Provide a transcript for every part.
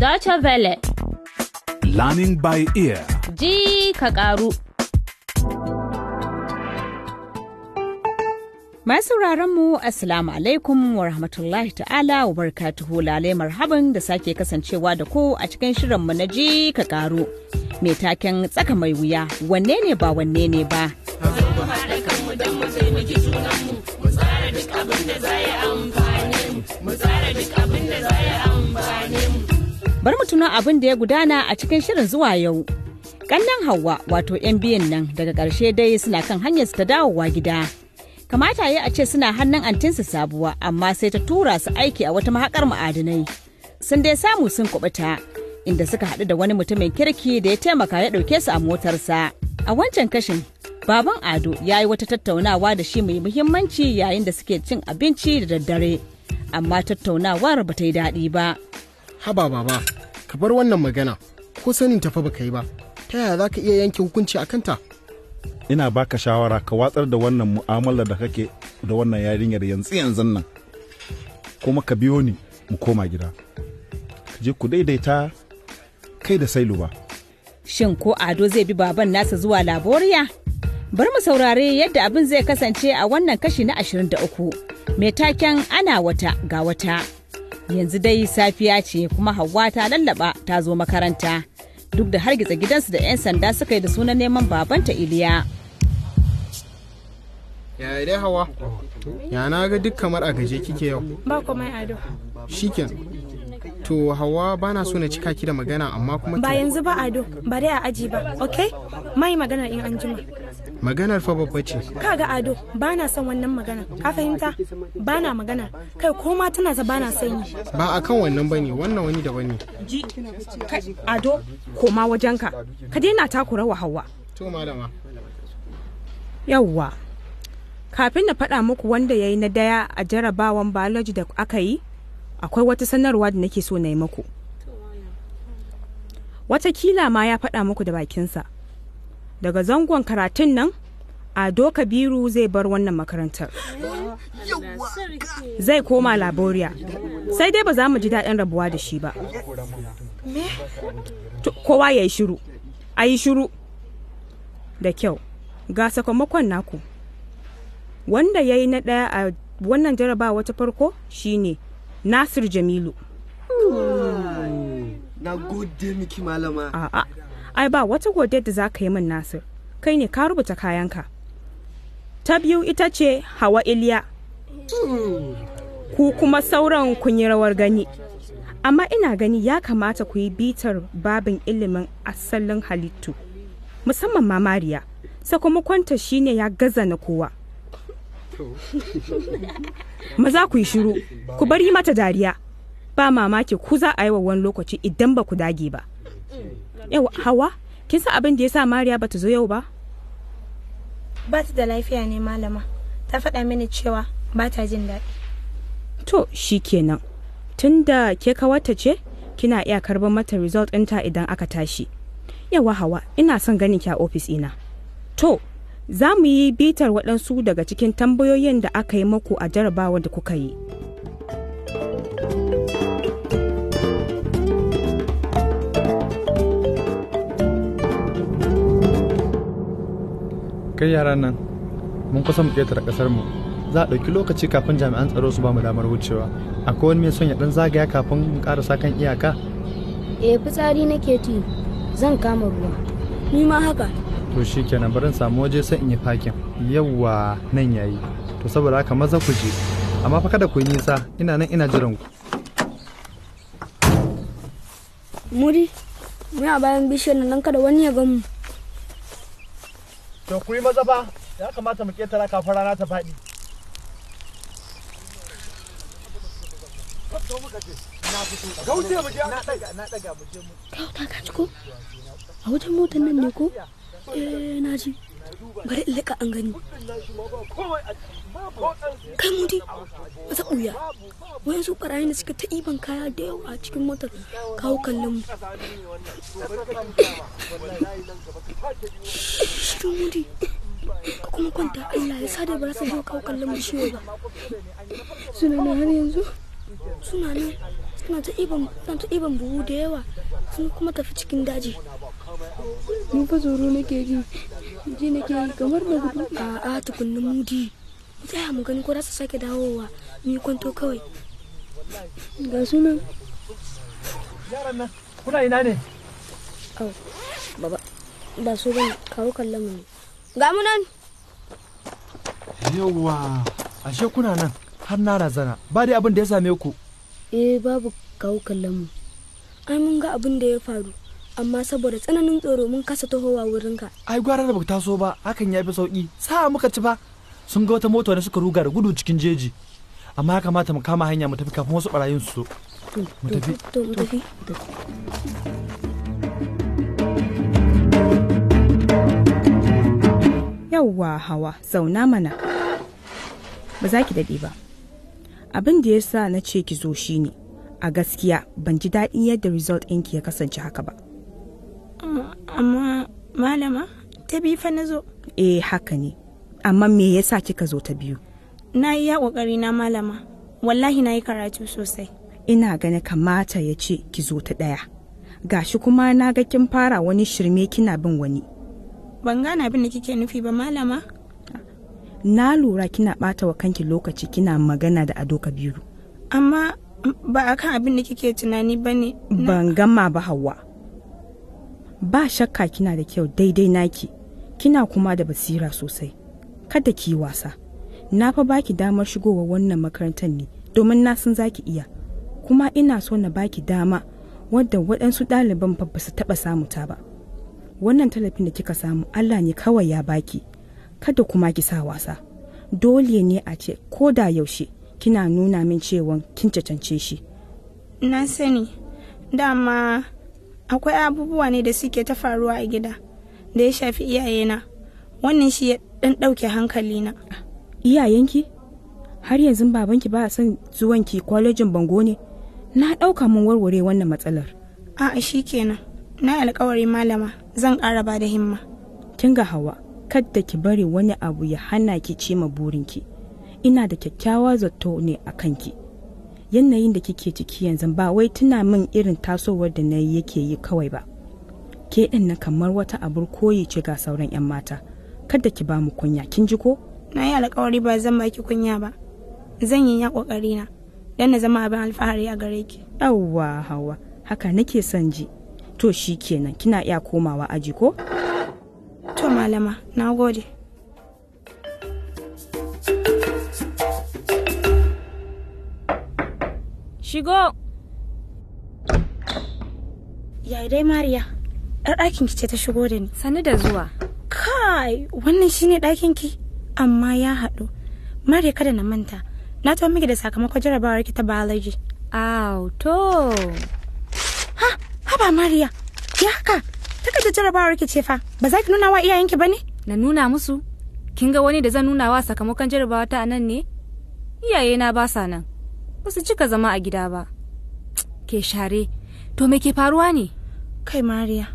Dacha Vele. Learning by ear. Ji ka ƙaru. Masu mu Assalamu alaikum wa rahmatullahi ta'ala wa barkatuhu lalai marhaban da sake kasancewa da ku a cikin shirinmu na ji ka ƙaru. Mai taken tsaka mai wuya wanne ne ba wanne ne ba. mu bar mu tuno abin da ya gudana a cikin shirin zuwa yau. Kannan Hauwa wato 'yan biyan nan daga ƙarshe dai suna kan hanyar su ta dawowa gida. Kamata ya a ce suna hannun antinsu sabuwa amma sai ta tura su aiki a wata mahakar ma'adinai. Sun dai samu sun kubuta inda suka haɗu da wani mutumin kirki da ya taimaka ya ɗauke su a motarsa. A wancan kashin baban Ado ya yi wata tattaunawa da shi mai muhimmanci yayin da suke cin abinci da daddare. Amma tattaunawar ba ta yi daɗi ba. haba baba ka bar wannan magana ko sanin tafa baka yi ba ta yaya za ka iya yanke hukunci a kanta ina baka shawara ka watsar da wannan mu'amalar da kake da wannan yarinyar yanzu yanzu nan kuma ka biyo ni mu koma gida ka je ku daidaita kai da sailu ba shin ko ado zai bi baban nasa zuwa laboriya bar mu saurare yadda abin zai kasance a wannan kashi na 23 mai taken ana wata ga wata yanzu dai safiya ce kuma hawa ta lallaba ta zo makaranta duk da hargitsa gidansu da 'yan sanda suka yi da sunan neman babanta iliya ya dai hawa ya na ga duk kamar a gaje kike yau ba komai ado shiken to hawa ba na so na cika ki da magana amma kuma ba yanzu ba ado ba dai a aji ba ok mai magana in an jima maganar fa babba ce kaga ado ba na son wannan magana ka fahimta ba na magana kai ko ma tana za ba na sanyi ba a kan wannan bane wannan wani da wani. ji ado koma wajenka ka daina takura wa hawa to malama yawwa kafin na faɗa muku wanda yayi na daya a jarabawan biology da aka yi akwai wata sanarwa da nake so na yi muku kila ma ya faɗa muku da bakinsa daga zangon karatun nan ado kabiru zai bar wannan makarantar zai koma laboriya sai dai ba za mu ji daɗin rabuwa da shi ba kowa ya yi shiru a yi shiru da kyau ga sakamakon naku wanda ya yi na ɗaya a wannan jarabawa ta farko shine nasir jamilu na gode miki malama ai ba wata godiyar da za ka yi min nasir kai ne ka rubuta kayanka ta biyu ita ce hawa iliya ku kuma sauran kun yi rawar gani amma ina gani ya kamata ku yi bitar babin ilimin asalin halittu musamman Mamariya sakamakonta shine ya gaza na kowa maza ku yi shiru ku bari mata dariya ba mamaki ku za a yi wa wani lokaci idan ba ku dage ba Yawa hawa, kin san abin da ya sa Mariya bata zo yau ba? Ba ta da lafiya ne malama. Ta faɗa mini cewa ba ta jin daɗi. To, kenan, Tunda ke kawata ce, kina iya karban mata result ɗinta idan aka tashi. Yawa hawa, ina son ganin ki a ofis ina. To, za mu yi bitar waɗansu daga cikin tambayoyin da aka yi muku a jarabawar da kuka yi. kai yaran nan mun kusa mu ƙetare ƙasar mu za a ɗauki lokaci kafin jami'an tsaro su ba mu damar wucewa akwai wani mai son ya ɗan zagaya kafin mu ƙarasa kan iyaka eh fitsari nake ti zan kama ruwa ni ma haka to shikenan barin samu waje sai in yi fakin yawwa nan yayi to saboda haka maza ku je amma fa kada ku yi nisa ina nan ina jiran ku muri a bayan bishiyar nan kada wani ya gan mu to ku yi maza fa ya kamata mu ketara kafin rana ta faɗi a wajen motar nan ne ko eh na ji bari in leka an gani kai mudi masa ta ɓuya wayan su ɓarayin da suka ta iban kaya da yawa a cikin motar kawo kallon mu tun wuri ka kuma kwanta Allah ya sada ba za su zo kawo kallon mu shiwa ba suna nan har yanzu suna nan suna ta iban suna ta iban buhu da yawa sun kuma tafi cikin daji ni fa tsoro nake ji ji nake yi kamar da gudu a'a tukunnin mudi mu tsaya mu gani ko za su sake dawowa ni kwanto kawai ga sunan yaran nan kuna ina ne Oh, baba ba su ba kawo kallon mu ne ga mu nan yawa ashe kuna nan har na razana ba dai abin da ya same ku eh babu kawo kallon mu ai mun ga abin da ya faru amma saboda tsananin tsoro mun kasa tahowa ka. ai gwara da baka taso ba hakan ya fi sauki sa muka ci ba sun ga wata mota da suka ruga da gudu cikin jeji amma ya kamata mu kama hanya mu tafi kafin wasu barayin su mu tafi to mu tafi yawwa hawa zauna mana ba za ki daɗe ba abin da ya sa na ce ki zo shi ne a gaskiya ban ji daɗin yadda result ɗinki ya kasance haka ba amma malama ta biyu fa na zo eh haka ne amma me ya sa kika zo ta biyu na yi ya na malama wallahi na yi karatu sosai ina gani kamata ya ce ki zo ta ɗaya gashi kuma na ga kin fara wani shirme kina bin wani ban gane abin da kike nufi ba malama na lura kina bata wa kanki lokaci kina magana da ado kabiru amma ba akan abin da kike tunani ba ne ban gama ba hawa ba shakka kina da kyau daidai naki kina kuma da basira sosai kada ki wasa na fa baki damar shigowa wannan makarantar ne domin na san zaki iya kuma ina so na baki dama wadda waɗansu ɗaliban ba su taɓa samu ta ba wannan talafin da kika samu Allah ne kawai ya baki kada kuma ki sa wasa dole ne a ce ko da yaushe kina nuna min cewa kin cancance shi na sani dama akwai abubuwa ne da suke ta faruwa a gida da ya shafi iyayena wannan shi ya dan ɗauke hankalina iyayenki har yanzu babanki ba son zuwanki kwalejin bango ne na dauka mun warware wannan matsalar a'a shikenan na alkawari malama zan ƙara ba da himma kin ga hawa kadda ki bari wani abu ya hana ki cima burinki ina da kyakkyawa zato ne a kanki yanayin da kike ciki yanzu ba wai tuna min irin tasowar da na yake yi kawai ba ke na kamar wata abur koyi ce ga sauran 'yan mata kada ki ba mu kunya kin ji ko na yi alkawari ba zan baki kunya ba zan yi ya kokari na dan na zama abin alfahari a gare ki yawwa hawa haka nake son ji to shi kenan kina iya komawa aji ko to malama na gode shigo yayi dai mariya yar ɗakin ki ce ta shigo da ni sani da zuwa kai wannan shine ɗakin ki amma ya haɗu mariya kada na manta na tawo miki da sakamakon jarabawar ki ta biology Aw, to. haba mariya ya haka takardar jarabawar ki ce fa ba za ki nuna wa iyayenki ba ne na nuna musu kin ga wani da zan nuna wa sakamakon jarabawa ta nan ne na ba sa nan ba su cika zama a gida ba ke share to me ke faruwa ne kai mariya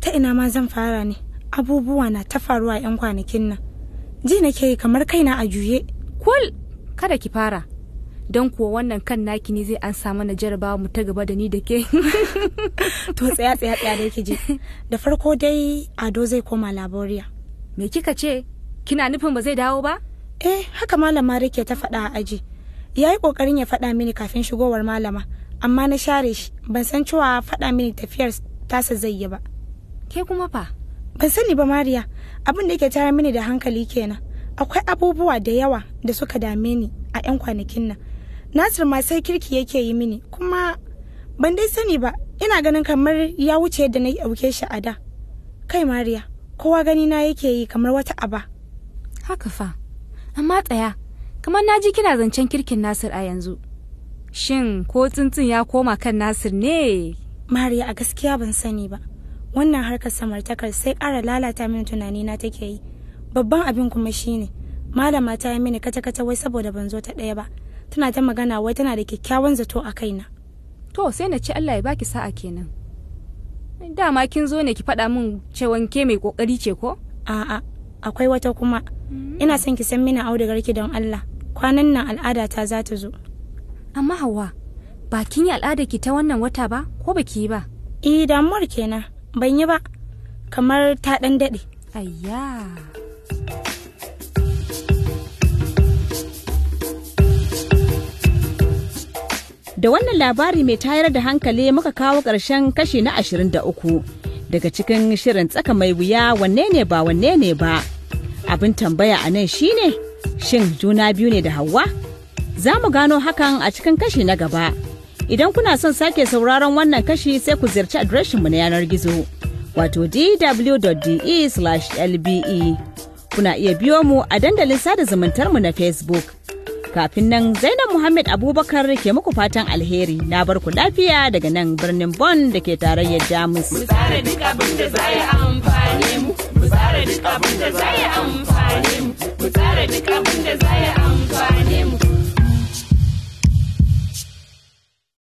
ta ina ma zan fara ne abubuwa na ta faruwa 'yan kwanakin nan ji nake kamar kaina a juye kul kada ki fara don kuwa wannan kan naki ne zai an samu na jarabawa mu ta gaba da ni da ke to tsaya tsaya tsaya da ki ji da farko dai ado zai koma laboriya me kika ce kina nufin ba zai dawo ba eh haka malama rike ta faɗa a aji ya yi ƙoƙarin ya faɗa mini kafin shigowar malama amma na share shi ban san cewa faɗa mini tafiyar tasa zai yi ba ke kuma fa ban sani ba mariya abin da yake tara mini da hankali kenan akwai abubuwa da yawa da suka dame ni a 'yan kwanakin nan nasir ma sai kirki yake yi mini kuma ban dai sani ba ina ganin kamar ya wuce yadda na ɗauke shi a da kai mariya kowa gani na yake yi kamar wata aba haka fa amma tsaya kamar naji kina zancen kirkin nasir a yanzu shin ko tsuntsun ya koma kan nasir ne mariya a gaskiya ban sani ba wannan harkar samartakar sai ƙara lalata min tunani na take yi babban abin kuma shine malama ta yi mini kata-kata wai saboda ban zo ta ɗaya ba tana ta magana wai tana da kyakkyawan zato a kaina to sai na ce Allah ya baki sa'a kenan dama kin zo ne ki faɗa min cewan ke mai kokari ce ko a'a akwai wata kuma mm. ina son ki san mini audugar ki don Allah kwanan nan al'ada ta za ta zo amma hawa ba kin yi al'ada ki ta wannan wata ba ko baki yi ba eh damuwar kenan ban yi ba kamar ta ɗan daɗe ayya da wannan labari mai tayar da hankali muka kawo ƙarshen kashi na 23 daga cikin shirin tsaka mai wuya wanne ne ba wanne ne ba abin tambaya a nan shine shin juna biyu ne da hawa za mu gano hakan a cikin kashi na gaba idan kuna son sake sauraron wannan kashi sai ku ziyarci adireshinmu na yanar gizo wato dw.de/lbe e. kuna iya biyo mu a dandalin sada zumuntarmu na facebook Kafin nan Zainab Muhammad Abubakar ke muku fatan alheri na barku lafiya daga nan birnin Bon da ke tarayyar Jamus. Mu tsara duk abin da za yi amfani mu, mu tsara duk abin da za yi amfani mu, mu tsara duk abin da za yi amfani mu.